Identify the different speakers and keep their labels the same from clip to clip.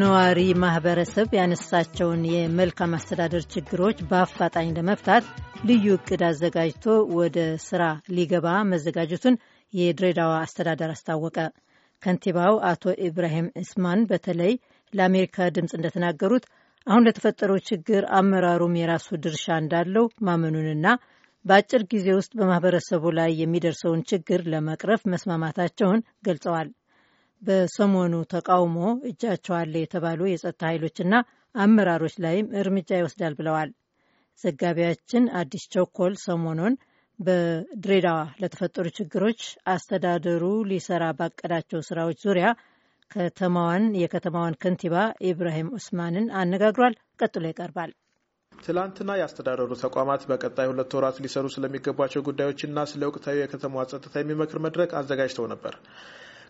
Speaker 1: ነዋሪ ማህበረሰብ ያነሳቸውን የመልካም አስተዳደር ችግሮች በአፋጣኝ ለመፍታት ልዩ እቅድ አዘጋጅቶ ወደ ስራ ሊገባ መዘጋጀቱን የድሬዳዋ አስተዳደር አስታወቀ። ከንቲባው አቶ ኢብራሂም እስማን በተለይ ለአሜሪካ ድምፅ እንደተናገሩት አሁን ለተፈጠረው ችግር አመራሩም የራሱ ድርሻ እንዳለው ማመኑንና በአጭር ጊዜ ውስጥ በማህበረሰቡ ላይ የሚደርሰውን ችግር ለመቅረፍ መስማማታቸውን ገልጸዋል። በሰሞኑ ተቃውሞ እጃቸው አለ የተባሉ የጸጥታ ኃይሎችና አመራሮች ላይም እርምጃ ይወስዳል ብለዋል። ዘጋቢያችን አዲስ ቸኮል ሰሞኑን በድሬዳዋ ለተፈጠሩ ችግሮች አስተዳደሩ ሊሰራ ባቀዳቸው ስራዎች ዙሪያ ከተማዋን የከተማዋን ከንቲባ ኢብራሂም ኡስማንን አነጋግሯል። ቀጥሎ ይቀርባል።
Speaker 2: ትላንትና የአስተዳደሩ ተቋማት በቀጣይ ሁለት ወራት ሊሰሩ ስለሚገባቸው ጉዳዮችና ስለ ወቅታዊ የከተማዋ ጸጥታ የሚመክር መድረክ አዘጋጅተው ነበር።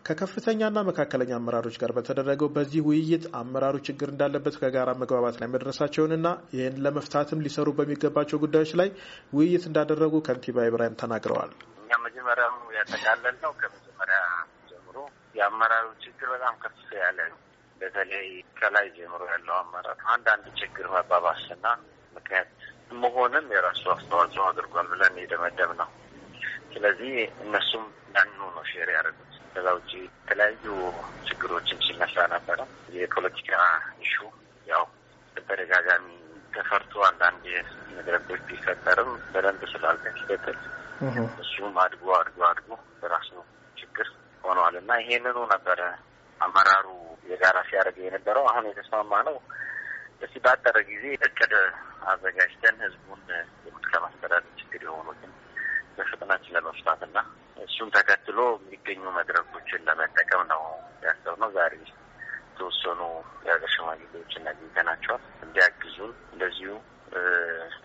Speaker 2: ከከፍተኛና መካከለኛ አመራሮች ጋር በተደረገው በዚህ ውይይት አመራሩ ችግር እንዳለበት ከጋራ መግባባት ላይ መድረሳቸውንና ይህን ለመፍታትም ሊሰሩ በሚገባቸው ጉዳዮች ላይ ውይይት እንዳደረጉ ከንቲባ ኢብራሂም ተናግረዋል።
Speaker 1: እኛ መጀመሪያም ያጠቃለል ነው። ከመጀመሪያ ጀምሮ የአመራሩ ችግር በጣም ከፍ ያለ ነው። በተለይ ከላይ ጀምሮ ያለው አመራር አንዳንድ ችግር መባባስና ምክንያት መሆንም የራሱ አስተዋጽኦ አድርጓል ብለን የደመደብ ነው። ስለዚህ እነሱም ያንኑ ነው ሼር ያደርጉት። ከዛ ውጭ የተለያዩ ችግሮችን ሲነሳ ነበረ። የፖለቲካ ኢሹ ያው በተደጋጋሚ ተፈርቶ አንዳንድ መድረኮች ቢፈጠርም በደንብ ስላልተካሄደበት እሱም አድጎ አድጎ አድጎ በራሱ ችግር ሆነዋል እና ይሄንኑ ነበረ አመራሩ የጋራ ሲያደርግ የነበረው። አሁን የተስማማ ነው እስቲ ባጠረ ጊዜ እቅድ አዘጋጅተን ህዝቡን የሙት ችግር የሆኑትን በፍጥነት ለመፍታትና እሱም ተከትሎ የሚገኙ መድረኮችን ለመጠቀም ነው ያሰብነው። ዛሬ የተወሰኑ የሀገር ሽማግሌዎችን አግኝተናቸዋል እንዲያግዙን፣ እንደዚሁ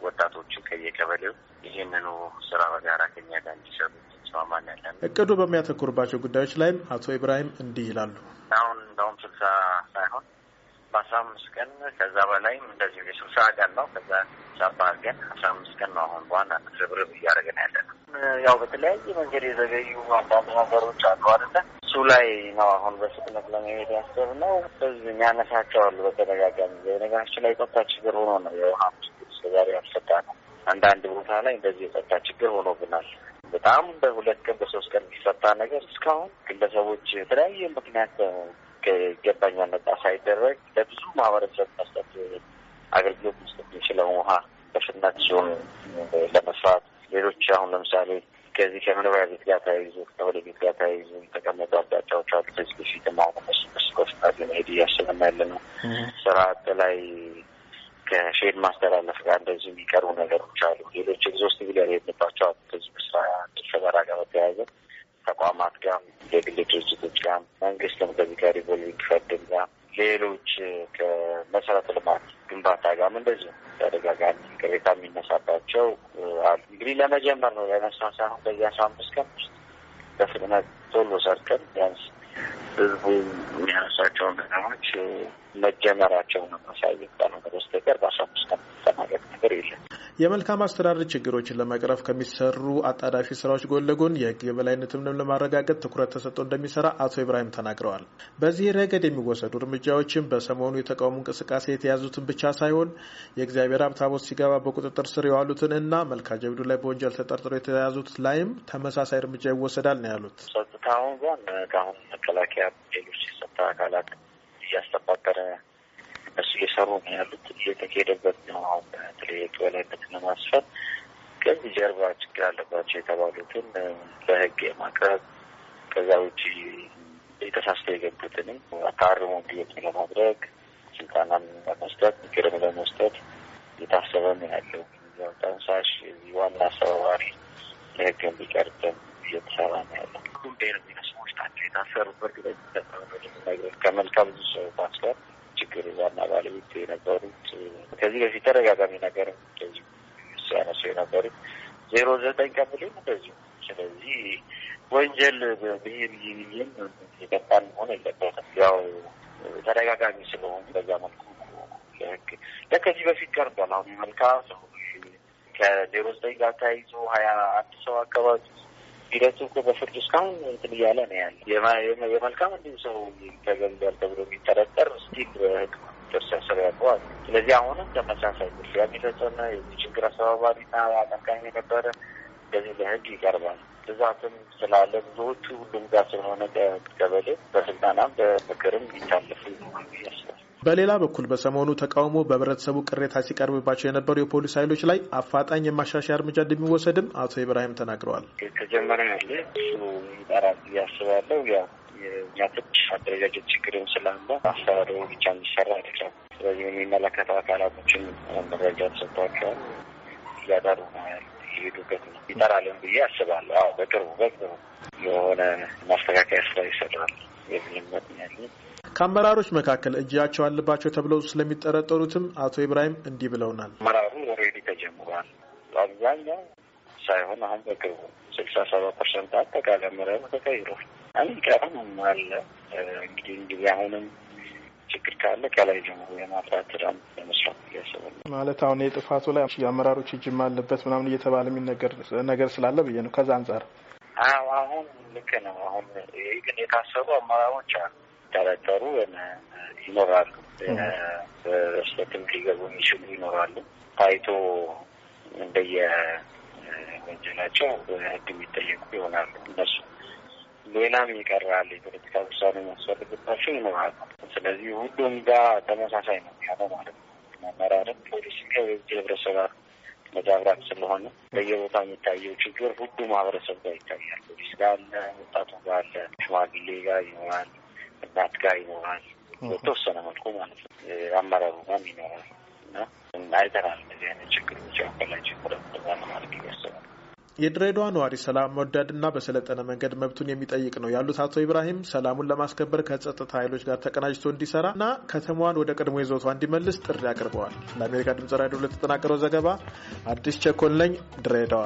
Speaker 1: ወጣቶችን ከየቀበሌው ይህንኑ ስራ በጋራ ከኛ ጋር እንዲሰሩ ተስማማን። ያለ
Speaker 2: እቅዱ በሚያተኩርባቸው ጉዳዮች ላይም አቶ ኢብራሂም እንዲህ ይላሉ።
Speaker 1: አሁን እንደውም ስልሳ ሳይሆን በአስራ አምስት ቀን ከዛ በላይም እንደዚሁ የስልሳ ቀን ነው። ከዛ ሳባ አድርገን አስራ አምስት ቀን ነው አሁን በዋና ርብርብ እያደረገን ያለ ነው። ያው በተለያየ መንገድ የዘገዩ አንዳንድ ነገሮች አሉ አይደለ? እሱ ላይ ነው አሁን በፍጥነት ለመሄድ ያሰብ ነው። በዚህ የሚያነሳቸዋሉ በተደጋጋሚ በነገራችን ላይ የጸጥታ ችግር ሆኖ ነው የውሃ ችግር እስከዛሬ ያልሰጣ ነው። አንዳንድ ቦታ ላይ እንደዚህ የጸጥታ ችግር ሆኖብናል። በጣም በሁለት ቀን በሶስት ቀን የሚፈታ ነገር እስካሁን ግለሰቦች የተለያየ ምክንያት ከይገባኛል ነጻ ሳይደረግ ለብዙ ማህበረሰብ መስጠት አገልግሎት መስጠት የሚችለው ውሃ በፍጥነት ሲሆን ለመስራት ሌሎች አሁን ለምሳሌ ከዚህ ከመኖሪያ ቤት ጋር ተያይዞ ከወደ ቤት ጋር ተያይዞ የተቀመጡ አቅጣጫዎች አሉ። ከዚህ በፊት ማሆኑ መስ በፍጥነት ለመሄድ እያስብን ያለ ነው። ስርዓት ላይ ከሼድ ማስተላለፍ ጋር እንደዚህ የሚቀሩ ነገሮች አሉ። ሌሎች ኤግዞስቲቭ የሄድንባቸው አሉ። ከዚህ በስራ ፈጠራ ጋር በተያያዘ ተቋማት ጋር የግል ድርጅቶች ጋር ተደጋጋሚ ቅሬታ የሚነሳባቸው አሉ። እንግዲህ ለመጀመር ነው ለመስራት ሳይሆን በዚህ አስራ አምስት ቀን ውስጥ በፍጥነት ቶሎ ሰርተን ቢያንስ ህዝቡ የሚያነሳቸውን ነገሮች መጀመራቸውን ማሳየት ካልሆነ በስተቀር በአስራ አምስት ቀን የሚጠናቀቅ ነገር የለም።
Speaker 2: የመልካም አስተዳደር ችግሮችን ለመቅረፍ ከሚሰሩ አጣዳፊ ስራዎች ጎን ለጎን የህግ የበላይነትንም ለማረጋገጥ ትኩረት ተሰጥቶ እንደሚሰራ አቶ ኢብራሂም ተናግረዋል። በዚህ ረገድ የሚወሰዱ እርምጃዎችን በሰሞኑ የተቃውሞ እንቅስቃሴ የተያዙትን ብቻ ሳይሆን የእግዚአብሔር ሀብት ታቦት ሲገባ በቁጥጥር ስር የዋሉትን እና መልካ ጀብዱ ላይ በወንጀል ተጠርጥሮ የተያዙት ላይም ተመሳሳይ እርምጃ ይወሰዳል ነው ያሉት።
Speaker 1: አሁን ጎን ከአሁን መከላከያ ሌሎች የጸጥታ አካላት እያስተባበረ እነሱ እየሰሩ ነው ያሉት፣ እየተሄደበት ነው። አሁን በተለይ የበላይነትን ለማስፈን ከዚህ ጀርባ ችግር አለባቸው የተባሉትን ለህግ የማቅረብ ከዛ ውጭ የተሳስተው የገቡትን አታርሞ እንዲወጡ ለማድረግ ስልጠናም ለመስጠት ምክርም ለመስጠት የታሰበ ነው ያለው። ጠንሳሽ ዋና አስተባባሪ ለህግ እንዲቀርብም እየተሰራ ነው ያለው። ሁሉም ብሔር የሚነስሞች ናቸው የታሰሩበት ግለጅ ከመልካም ብዙ ሰው ማስፈር ችግር ዋና ባለቤት የነበሩት ከዚህ በፊት ተደጋጋሚ ነገር ሲያነሱ የነበሩት ዜሮ ዘጠኝ ቀበሌም እንደዚሁ። ስለዚህ ወንጀል በብሄር ይይም የገባን መሆን የለበትም። ያው ተደጋጋሚ ስለሆኑ በዛ መልኩ ለህግ ለከዚህ በፊት ቀርቧል። አሁን መልካ ሰው ከዜሮ ዘጠኝ ጋር ተያይዞ ሀያ አንድ ሰው አካባቢ ሂደቱ እኮ በፍርድ እስካሁን እንትን እያለ ነው ያለ። የመልካም እንዲሁ ሰው ተገምዷል ተብሎ የሚጠረጠር ስቲል በህግ ቁጥጥር ስር ስር ስለዚህ አሁንም ተመሳሳይ ጉዳይ የሚፈጸመ የዚህ ችግር ና አቀንቃኝ የነበረ እንደዚህ ለህግ ይቀርባል። ብዛትም ስላለ ብዙዎቹ ሁሉም ጋር ስለሆነ ቀበሌ በስልጠናም በምክርም ሊታለፉ ይሆናል ያስባል።
Speaker 2: በሌላ በኩል በሰሞኑ ተቃውሞ በህብረተሰቡ ቅሬታ ሲቀርብባቸው የነበሩ የፖሊስ ኃይሎች ላይ አፋጣኝ የማሻሻያ እርምጃ እንደሚወሰድም አቶ ኢብራሂም ተናግረዋል።
Speaker 1: የተጀመረ ያለ እሱ ይጠራል ያስባለው ያው የኛቶች አደረጃጀት ችግርም ስላለ አስተዳደሩ ብቻ የሚሰራ አይደለም። ስለዚህ የሚመለከተው አካላቶችን መረጃ ተሰጥቷቸዋል እያጠሩ ይሄዱበት ነው ይጠራልን ብዬ አስባለሁ። አዎ በቅርቡ በቅርቡ የሆነ ማስተካከያ ስራ ይሰራል። እየተለመጠ
Speaker 2: ከአመራሮች መካከል እጃቸው አለባቸው ተብለው ስለሚጠረጠሩትም አቶ ኢብራሂም እንዲህ ብለውናል።
Speaker 1: አመራሩ ኦልሬዲ ተጀምሯል። አብዛኛው ሳይሆን አሁን በቅርቡ ስልሳ ሰባ ፐርሰንት አጠቃላይ አመራሩ ተቀይሯል። ቀረም አለ እንግዲህ እንግዲህ አሁንም ችግር ካለ ከላይ ጀምሮ የማፍራት ስራ ለመስራት እያሰብን
Speaker 2: ማለት አሁን የጥፋቱ ላይ የአመራሮች እጅም አለበት ምናምን እየተባለ የሚነገር ነገር ስላለ ብዬ ነው ከዛ አንጻር
Speaker 1: አሁን ልክ ነው። አሁን ይህ ግን የታሰሩ አመራሮች አሉ ይጠረጠሩ ይኖራሉ። በስለትም ሊገቡ የሚችሉ ይኖራሉ። ታይቶ እንደየ ወንጀላቸው በህግ የሚጠየቁ ይሆናሉ። እነሱ ሌላም ይቀራል። የፖለቲካ ውሳኔ የሚያስፈልግባቸው ይኖራሉ። ስለዚህ ሁሉም ጋር ተመሳሳይ ነው ያለው ማለት ነው። አመራርም ፖሊስ ከህብረተሰብ መዳብራት ስለሆነ በየቦታ የሚታየው ችግር ሁሉ ማህበረሰብ ጋር ይታያል። ፖሊስ ጋር አለ፣ ወጣቱ ጋር አለ፣ ሽማግሌ ጋር ይኖራል፣ እናት ጋር ይኖራል። በተወሰነ መልኩ ማለት ነው አመራሩ ጋም ይኖራል እና አይተናል እነዚህ አይነት ችግሮች አበላጭ ቁረጥ ማለት ይመስላል።
Speaker 2: የድሬዳዋ ነዋሪ ሰላም መወዳድና በሰለጠነ መንገድ መብቱን የሚጠይቅ ነው ያሉት አቶ ኢብራሂም ሰላሙን ለማስከበር ከጸጥታ ኃይሎች ጋር ተቀናጅቶ እንዲሰራ እና ከተማዋን ወደ ቀድሞ ይዞቷ እንዲመልስ ጥሪ አቅርበዋል። ለአሜሪካ ድምጽ ራዲዮ ለተጠናቀረው ዘገባ አዲስ ቸኮል ነኝ ድሬዳዋ።